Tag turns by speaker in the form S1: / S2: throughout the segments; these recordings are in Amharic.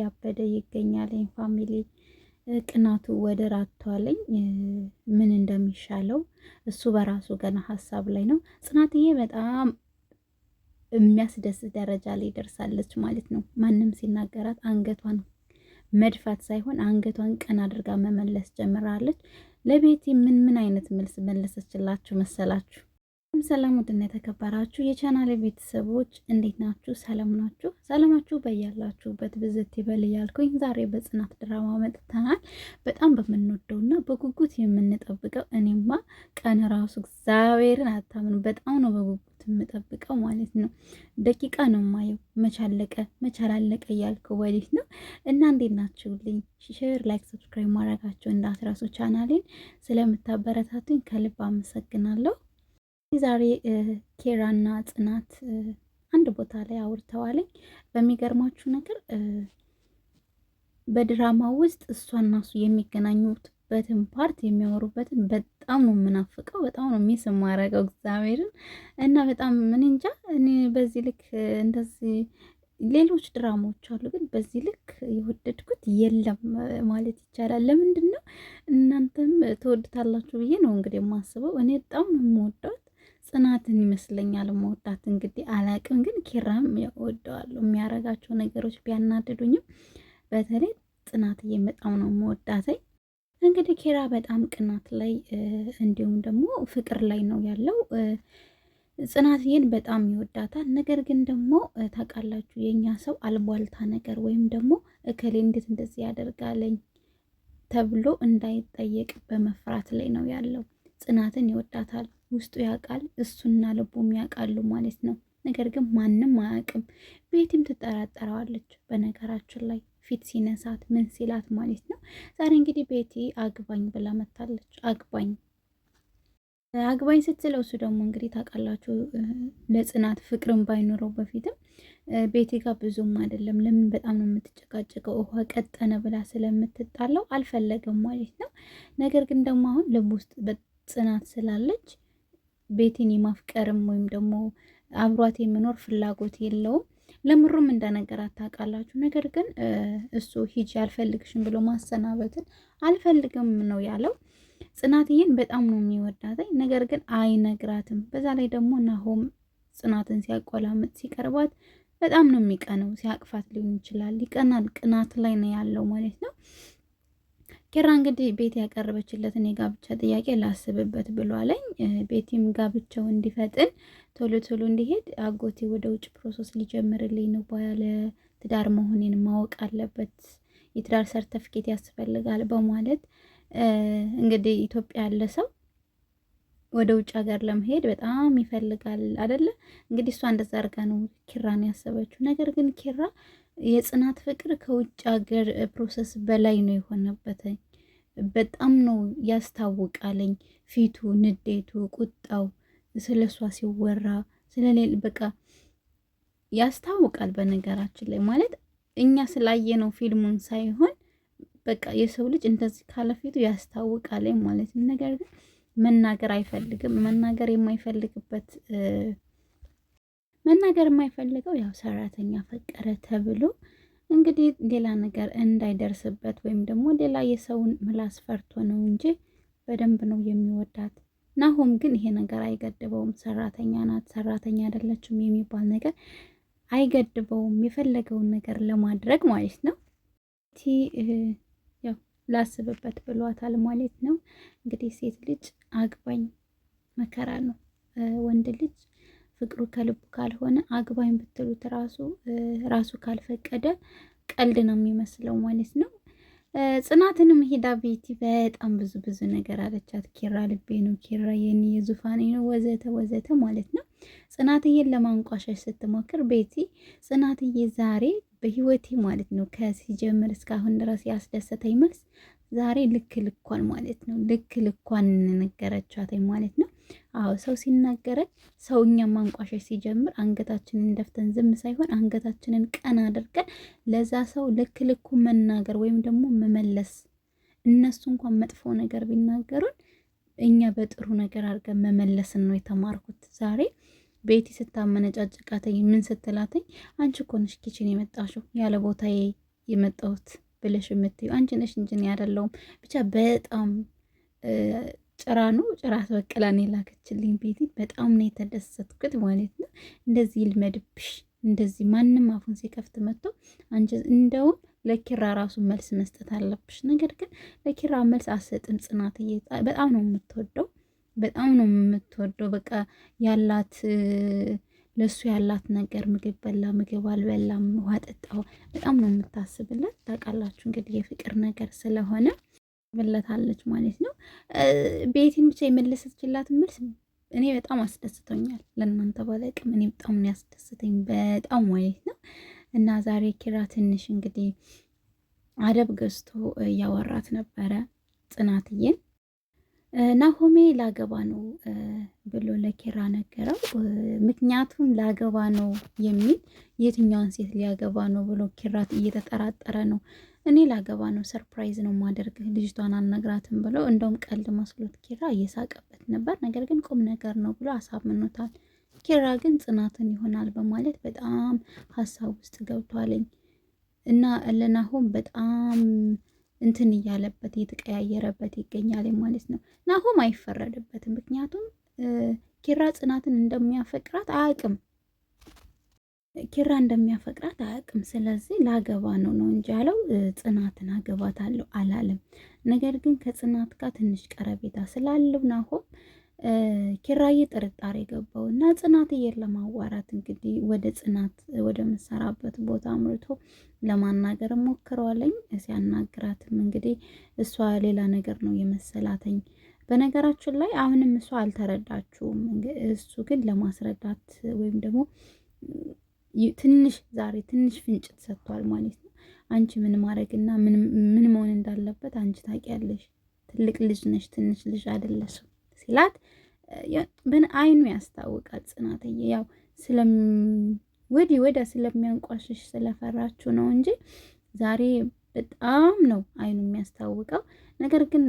S1: ያበደ ይገኛል። ፋሚሊ ቅናቱ ወደ ራቷለኝ ምን እንደሚሻለው እሱ በራሱ ገና ሀሳብ ላይ ነው። ጽናትዬ በጣም የሚያስደስት ደረጃ ላይ ደርሳለች ማለት ነው። ማንም ሲናገራት አንገቷን መድፋት ሳይሆን አንገቷን ቀና አድርጋ መመለስ ጀምራለች። ለቤቲ ምን ምን አይነት መልስ መለሰችላችሁ መሰላችሁ? ሰላም ውድና የተከበራችሁ የቻናል ቤተሰቦች እንዴት ናችሁ? ሰላም ናችሁ? ሰላማችሁ በያላችሁበት ብዝት ይበል እያልኩኝ ዛሬ በጽናት ድራማ መጥተናል። በጣም በምንወደው እና በጉጉት የምንጠብቀው እኔማ ቀን ራሱ እግዚአብሔርን አታምኑ፣ በጣም ነው በጉጉት የምጠብቀው ማለት ነው። ደቂቃ ነው ማየው መቻለቀ መቻላለቀ እያልኩ ወዲህ ነው እና እንዴት ናችሁልኝ? ሼር፣ ላይክ፣ ሰብስክራይብ ማድረጋችሁ እንዳትረሱ። ቻናሌን ስለምታበረታቱኝ ከልብ አመሰግናለሁ። ዛሬ ኬራና ጽናት አንድ ቦታ ላይ አውርተዋለኝ። በሚገርማችሁ ነገር በድራማው ውስጥ እሷ እሱ የሚገናኙበትን ፓርት የሚያወሩበትን በጣም ነው የምናፍቀው። በጣም ነው ሚስ የማረገው እግዚአብሔርን እና በጣም ምን እንጃ እኔ በዚህ ልክ እንደዚህ ሌሎች ድራማዎች አሉ፣ ግን በዚህ ልክ የወደድኩት የለም ማለት ይቻላል። ለምንድን ነው እናንተም ትወድታላችሁ ብዬ ነው እንግዲህ የማስበው። እኔ በጣም ነው የምወደው ጽናትን ይመስለኛል መወዳት እንግዲህ አላቅም፣ ግን ኪራም ወደዋሉ የሚያረጋቸው ነገሮች ቢያናድዱኝም በተለይ ጽናት እየመጣው ነው መወዳተኝ። እንግዲህ ኪራ በጣም ቅናት ላይ እንዲሁም ደግሞ ፍቅር ላይ ነው ያለው። ጽናትዬን በጣም ይወዳታል። ነገር ግን ደግሞ ታውቃላችሁ የእኛ ሰው አልቧልታ ነገር ወይም ደግሞ እከሌ እንዴት እንደዚህ ያደርጋለኝ ተብሎ እንዳይጠየቅ በመፍራት ላይ ነው ያለው። ጽናትን ይወዳታል። ውስጡ ያውቃል፣ እሱና ልቡም ያውቃሉ ማለት ነው። ነገር ግን ማንም አያውቅም። ቤቲም ትጠራጠረዋለች። በነገራችን ላይ ፊት ሲነሳት ምን ሲላት ማለት ነው። ዛሬ እንግዲህ ቤቲ አግባኝ ብላ መታለች። አግባኝ አግባኝ ስትለው እሱ ደግሞ እንግዲህ ታውቃላችሁ ለጽናት ፍቅርን ባይኖረው በፊትም ቤቲ ጋር ብዙም አይደለም። ለምን በጣም ነው የምትጨቃጨቀው፣ ውሃ ቀጠነ ብላ ስለምትጣለው አልፈለገም ማለት ነው። ነገር ግን ደግሞ አሁን ልብ ውስጥ ጽናት ስላለች ቤቲን የማፍቀርም ወይም ደግሞ አብሯት የመኖር ፍላጎት የለውም። ለምሩም እንደነገራት ታውቃላችሁ። ነገር ግን እሱ ሂጂ አልፈልግሽም ብሎ ማሰናበትን አልፈልግም ነው ያለው። ጽናትዬን በጣም ነው የሚወዳት ነገር ግን አይነግራትም። በዛ ላይ ደግሞ ናሆም ጽናትን ሲያቆላምጥ ሲቀርባት በጣም ነው የሚቀነው። ሲያቅፋት ሊሆን ይችላል ይቀናል። ቅናት ላይ ነው ያለው ማለት ነው። ኪራ እንግዲህ ቤት ያቀረበችለትን የጋብቻ ጥያቄ ላስብበት ብሏለኝ። ቤቲም ጋብቻው እንዲፈጥን ቶሎ ቶሎ እንዲሄድ አጎቴ ወደ ውጭ ፕሮሰስ ሊጀምርልኝ ነው፣ ባለ ትዳር መሆኔን ማወቅ አለበት፣ የትዳር ሰርተፍኬት ያስፈልጋል በማለት እንግዲህ ኢትዮጵያ ያለ ሰው ወደ ውጭ ሀገር ለመሄድ በጣም ይፈልጋል አደለ? እንግዲህ እሷ እንደዛ አድርጋ ነው ኪራን ያሰበችው። ነገር ግን ኪራ የጽናት ፍቅር ከውጭ ሀገር ፕሮሰስ በላይ ነው የሆነበትኝ። በጣም ነው ያስታውቃለኝ። ፊቱ፣ ንዴቱ፣ ቁጣው ስለ እሷ ሲወራ ስለሌል በቃ ያስታውቃል። በነገራችን ላይ ማለት እኛ ስላየነው ፊልሙን ሳይሆን በቃ የሰው ልጅ እንደዚህ ካለ ፊቱ ያስታውቃለኝ ማለት ነው። ነገር ግን መናገር አይፈልግም። መናገር የማይፈልግበት መናገር የማይፈልገው ያው ሰራተኛ ፈቀረ ተብሎ እንግዲህ ሌላ ነገር እንዳይደርስበት ወይም ደግሞ ሌላ የሰውን ምላስ ፈርቶ ነው እንጂ በደንብ ነው የሚወዳት። ናሆም ግን ይሄ ነገር አይገድበውም። ሰራተኛ ናት፣ ሰራተኛ አይደለችም የሚባል ነገር አይገድበውም። የፈለገውን ነገር ለማድረግ ማለት ነው። ያው ላስብበት ብሏታል ማለት ነው። እንግዲህ ሴት ልጅ አግባኝ መከራ ነው፣ ወንድ ልጅ ፍቅሩ ከልቡ ካልሆነ አግባኝ ብትሉት ራሱ ራሱ ካልፈቀደ ቀልድ ነው የሚመስለው ማለት ነው። ጽናትንም ሄዳ ቤቲ በጣም ብዙ ብዙ ነገር አለቻት። ኪራ ልቤ ነው፣ ኪራ የኔ የዙፋኔ ነው፣ ወዘተ ወዘተ ማለት ነው። ጽናትዬን ለማንቋሻሽ ስትሞክር ቤቲ ጽናትዬ ዛሬ በህይወቴ ማለት ነው ከሲጀምር እስካሁን ድረስ ያስደሰተኝ መልስ ዛሬ ልክ ልኳን ማለት ነው ልክ ልኳን ነገረቻት ማለት ነው። አዎ ሰው ሲናገረን ሰው እኛም ማንቋሸሽ ሲጀምር አንገታችንን ደፍተን ዝም ሳይሆን አንገታችንን ቀና አድርገን ለዛ ሰው ልክ ልኩ መናገር ወይም ደግሞ መመለስ እነሱ እንኳን መጥፎ ነገር ቢናገሩን እኛ በጥሩ ነገር አድርገን መመለስን ነው የተማርኩት። ዛሬ ቤቲ ስታመነጫጭቃተኝ ምን ስትላተኝ አንቺ እኮ ነሽ ኪችን የመጣሽው ያለ ቦታዬ የመጣሁት ብለሽ የምትዩ አንቺ ነሽ እንጂ እኔ አይደለሁም። ብቻ በጣም ጭራ ነው ጭራ ተበቀላን የላከችልኝ ቤቲ። በጣም ነው የተደሰትኩት ማለት ነው። እንደዚህ ይልመድብሽ። እንደዚህ ማንም አፉን ሲከፍት መጥቶ አንቺ እንደውም ለኪራ ራሱ መልስ መስጠት አለብሽ። ነገር ግን ለኪራ መልስ አሰጥም። ጽናት በጣም ነው የምትወደው፣ በጣም ነው የምትወደው። በቃ ያላት ለእሱ ያላት ነገር ምግብ በላ ምግብ አልበላም፣ ውሃ ጠጣው፣ በጣም ነው የምታስብለት። ታውቃላችሁ እንግዲህ የፍቅር ነገር ስለሆነ ብለታለች ማለት ነው። ቤቲን ብቻ የመለሰችላት መልስ እኔ በጣም አስደስቶኛል። ለእናንተ ባለቅም እኔ በጣም ነው ያስደስተኝ በጣም ማለት ነው። እና ዛሬ ኪራ ትንሽ እንግዲህ አደብ ገዝቶ እያወራት ነበረ ጽናትዬን። ናሆሜ ላገባ ነው ብሎ ለኪራ ነገረው። ምክንያቱም ላገባ ነው የሚል የትኛውን ሴት ሊያገባ ነው ብሎ ኪራት እየተጠራጠረ ነው እኔ ላገባ ነው ሰርፕራይዝ ነው ማደርግህ ልጅቷን አልነግራትም ብሎ እንደውም ቀልድ መስሎት ኪራ እየሳቀበት ነበር። ነገር ግን ቁም ነገር ነው ብሎ አሳምኖታል። ኪራ ግን ጽናትን ይሆናል በማለት በጣም ሀሳብ ውስጥ ገብቷለኝ እና ለናሆም በጣም እንትን እያለበት እየተቀያየረበት ይገኛል ማለት ነው። ናሆም አይፈረድበትም፣ ምክንያቱም ኪራ ጽናትን እንደሚያፈቅራት አያውቅም። ኪራ እንደሚያፈቅራት አያውቅም። ስለዚህ ላገባ ነው ነው እንጂ ያለው ጽናትን አገባታለሁ አላለም። ነገር ግን ከጽናት ጋር ትንሽ ቀረቤታ ስላለው ናሆም ኪራዬ ጥርጣሬ ገባው እና ጽናትዬን ለማዋራት እንግዲህ ወደ ጽናት ወደምሰራበት ቦታ አምርቶ ለማናገር ሞክረዋለኝ። ሲያናግራትም እንግዲህ እሷ ሌላ ነገር ነው የመሰላተኝ። በነገራችን ላይ አሁንም እሷ አልተረዳችውም። እሱ ግን ለማስረዳት ወይም ደግሞ ትንሽ ዛሬ ትንሽ ፍንጭ ተሰጥቷል ማለት ነው። አንቺ ምን ማድረግና ምን መሆን እንዳለበት አንቺ ታውቂያለሽ። ትልቅ ልጅ ነሽ፣ ትንሽ ልጅ አይደለሽም ሲላት አይኑ ያስታውቃል። ጽናትዬ ያው ወዲ ወዲያ ስለሚያንቋሽሽ ስለፈራችሁ ነው እንጂ ዛሬ በጣም ነው አይኑ የሚያስታውቀው። ነገር ግን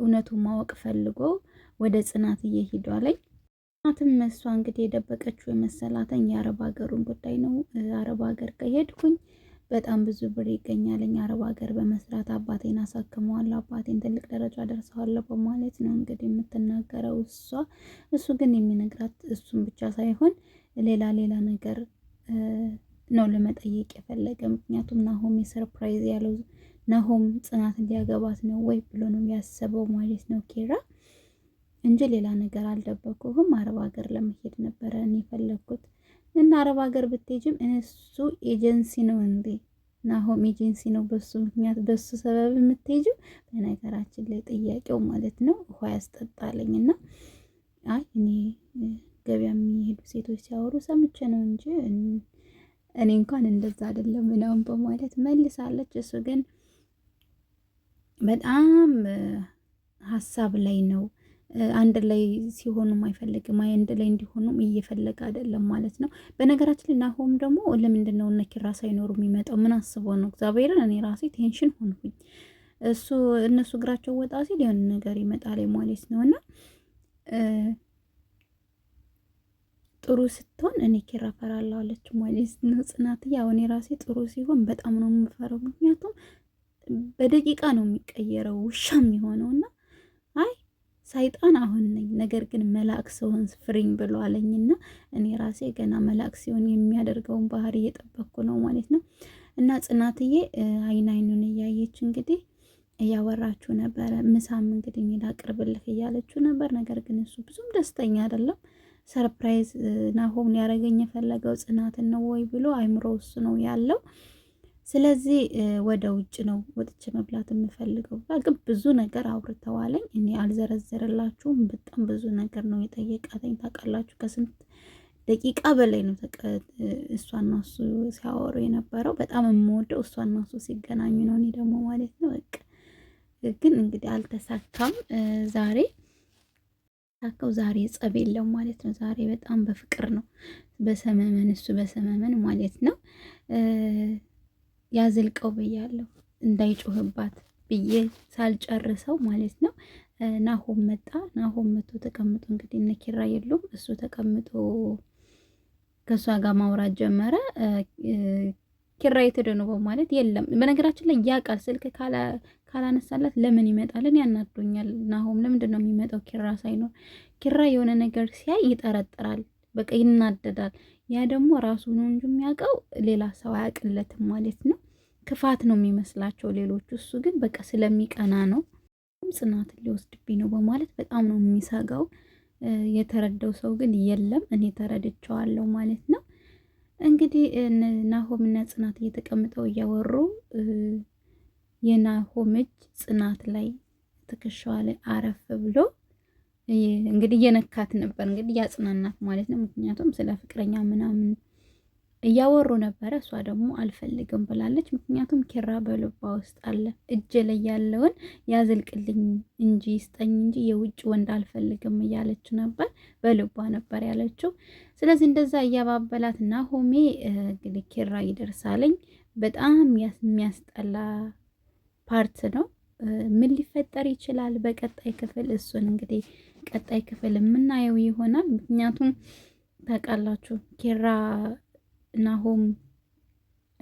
S1: እውነቱ ማወቅ ፈልጎ ወደ ጽናትዬ ሂዷለኝ። እናትም እሷ እንግዲህ የደበቀችው የመሰላተኝ የአረብ ሀገሩን ጉዳይ ነው። አረብ ሀገር ከሄድኩኝ በጣም ብዙ ብር ይገኛለኝ፣ አረብ ሀገር በመስራት አባቴን አሳክመዋለሁ፣ አባቴን ትልቅ ደረጃ ደርሰዋለሁ በማለት ነው እንግዲህ የምትናገረው እሷ። እሱ ግን የሚነግራት እሱን ብቻ ሳይሆን ሌላ ሌላ ነገር ነው ለመጠየቅ የፈለገ ምክንያቱም ናሆም የሰርፕራይዝ ያለው ናሆም ጽናትን ሊያገባት ነው ወይ ብሎ ነው ያሰበው ማለት ነው ኬራ እንጂ ሌላ ነገር አልደበኩህም። አረብ ሀገር ለመሄድ ነበረ እኔ የፈለግኩት እና አረብ ሀገር ብትሄጂም እሱ ኤጀንሲ ነው እንዴ ናሆም ኤጀንሲ ነው። በሱ ምክንያት በሱ ሰበብ የምትሄጂው በነገራችን ላይ ጥያቄው ማለት ነው ውሃ ያስጠጣለኝ እና አይ እኔ ገበያ የሚሄዱ ሴቶች ሲያወሩ ሰምቼ ነው እንጂ እኔ እንኳን እንደዛ አይደለም ምናምን በማለት መልሳለች። እሱ ግን በጣም ሀሳብ ላይ ነው። አንድ ላይ ሲሆኑም አይፈልግም። አይ አንድ ላይ እንዲሆኑም እየፈለገ አይደለም ማለት ነው። በነገራችን ላይ ናሆም ደግሞ ለምንድን ነው እነ ኪራ ሳይኖሩ የሚመጣው? ምን አስቦ ነው? እግዚአብሔርን እኔ ራሴ ቴንሽን ሆንኩኝ። እሱ እነሱ እግራቸው ወጣ ሲል የሆነ ነገር ይመጣል ማለት ነው። እና ጥሩ ስትሆን እኔ ኪራ እፈራለሁ አለች ማለት ነው ጽናት። ጽናትዬ። አሁን ራሴ ጥሩ ሲሆን በጣም ነው የምፈረው፣ ምክንያቱም በደቂቃ ነው የሚቀየረው ውሻ የሚሆነው እና አይ ሰይጣን አሁን ነኝ፣ ነገር ግን መላእክ ሰውን ፍሪኝ ብሎ አለኝና እኔ ራሴ ገና መላእክ ሲሆን የሚያደርገውን ባህሪ እየጠበቅኩ ነው ማለት ነው። እና ጽናትዬ አይን አይኑን እያየች እንግዲህ እያወራችሁ ነበረ። ምሳም እንግዲህ ሜዳ ቅርብልህ እያለችው ነበር። ነገር ግን እሱ ብዙም ደስተኛ አይደለም። ሰርፕራይዝ ናሆም ሊያደርገኝ የፈለገው ጽናትን ነው ወይ ብሎ አይምሮ ውስጥ ነው ያለው። ስለዚህ ወደ ውጭ ነው ወጥቼ መብላት የምፈልገው ብላ ግን ብዙ ነገር አውርተዋለኝ። እኔ አልዘረዘረላችሁም። በጣም ብዙ ነገር ነው የጠየቃተኝ። ታውቃላችሁ ከስንት ደቂቃ በላይ ነው እሷና እሱ ሲያወሩ የነበረው። በጣም የምወደው እሷና እሱ ሲገናኙ ነው፣ እኔ ደግሞ ማለት ነው። በቃ ግን እንግዲህ አልተሳካም። ዛሬ ሳካው ዛሬ ጸብ የለው ማለት ነው። ዛሬ በጣም በፍቅር ነው፣ በሰመመን እሱ በሰመመን ማለት ነው። ያዝልቀው ብያለሁ እንዳይጮህባት ብዬ ሳልጨርሰው ማለት ነው። ናሆም መጣ። ናሆም መቶ ተቀምጦ እንግዲህ እነ ኪራ የሉም። እሱ ተቀምጦ ከእሷ ጋር ማውራት ጀመረ። ኪራ የተደኑበው ማለት የለም። በነገራችን ላይ ያ ቃል ስልክ ካላነሳላት ለምን ይመጣልን? ያናዶኛል። ናሆም ለምንድን ነው የሚመጣው ኪራ ሳይኖር? ኪራ የሆነ ነገር ሲያይ ይጠረጥራል፣ በቃ ይናደዳል። ያ ደግሞ ራሱ ነው እንጂ የሚያውቀው ሌላ ሰው አያውቅለትም ማለት ነው። ክፋት ነው የሚመስላቸው ሌሎቹ። እሱ ግን በቃ ስለሚቀና ነው ጽናትን ሊወስድብኝ ነው በማለት በጣም ነው የሚሰጋው። የተረዳው ሰው ግን የለም። እኔ ተረድቸዋለሁ ማለት ነው። እንግዲህ ናሆም እና ጽናት እየተቀምጠው እያወሩ የናሆም እጅ ጽናት ላይ ትከሻዋ ላይ አረፍ ብሎ እንግዲህ እየነካት ነበር። እንግዲህ ያጽናናት ማለት ነው። ምክንያቱም ስለ ፍቅረኛ ምናምን እያወሩ ነበረ። እሷ ደግሞ አልፈልግም ብላለች። ምክንያቱም ኪራ በልባ ውስጥ አለ። እጅ ላይ ያለውን ያዝልቅልኝ እንጂ ስጠኝ እንጂ የውጭ ወንድ አልፈልግም እያለች ነበር፣ በልቧ ነበር ያለችው። ስለዚህ እንደዛ እያባበላት ናሆሜ እንግዲህ ኪራ ይደርሳለኝ። በጣም የሚያስጠላ ፓርት ነው። ምን ሊፈጠር ይችላል በቀጣይ ክፍል? እሱን እንግዲህ ቀጣይ ክፍል የምናየው ይሆናል። ምክንያቱም ታውቃላችሁ ኪራ ናሆም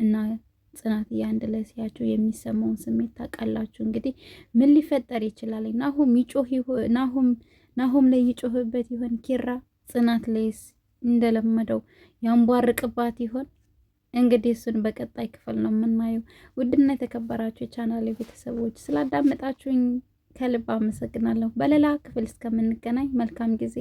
S1: እና ጽናት አንድ ላይ ሲያቸው የሚሰማውን ስሜት ታውቃላችሁ። እንግዲህ ምን ሊፈጠር ይችላል? ናሆም ይጮህ ናሆም ናሆም ላይ ይጮህበት ይሆን? ኪራ ጽናት ላይስ እንደለመደው ያንቧርቅባት ይሆን? እንግዲህ እሱን በቀጣይ ክፍል ነው የምናየው። ውድና የተከበራችሁ የቻናል ቤተሰቦች ስላዳመጣችሁኝ ከልብ አመሰግናለሁ። በሌላ ክፍል እስከምንገናኝ መልካም ጊዜ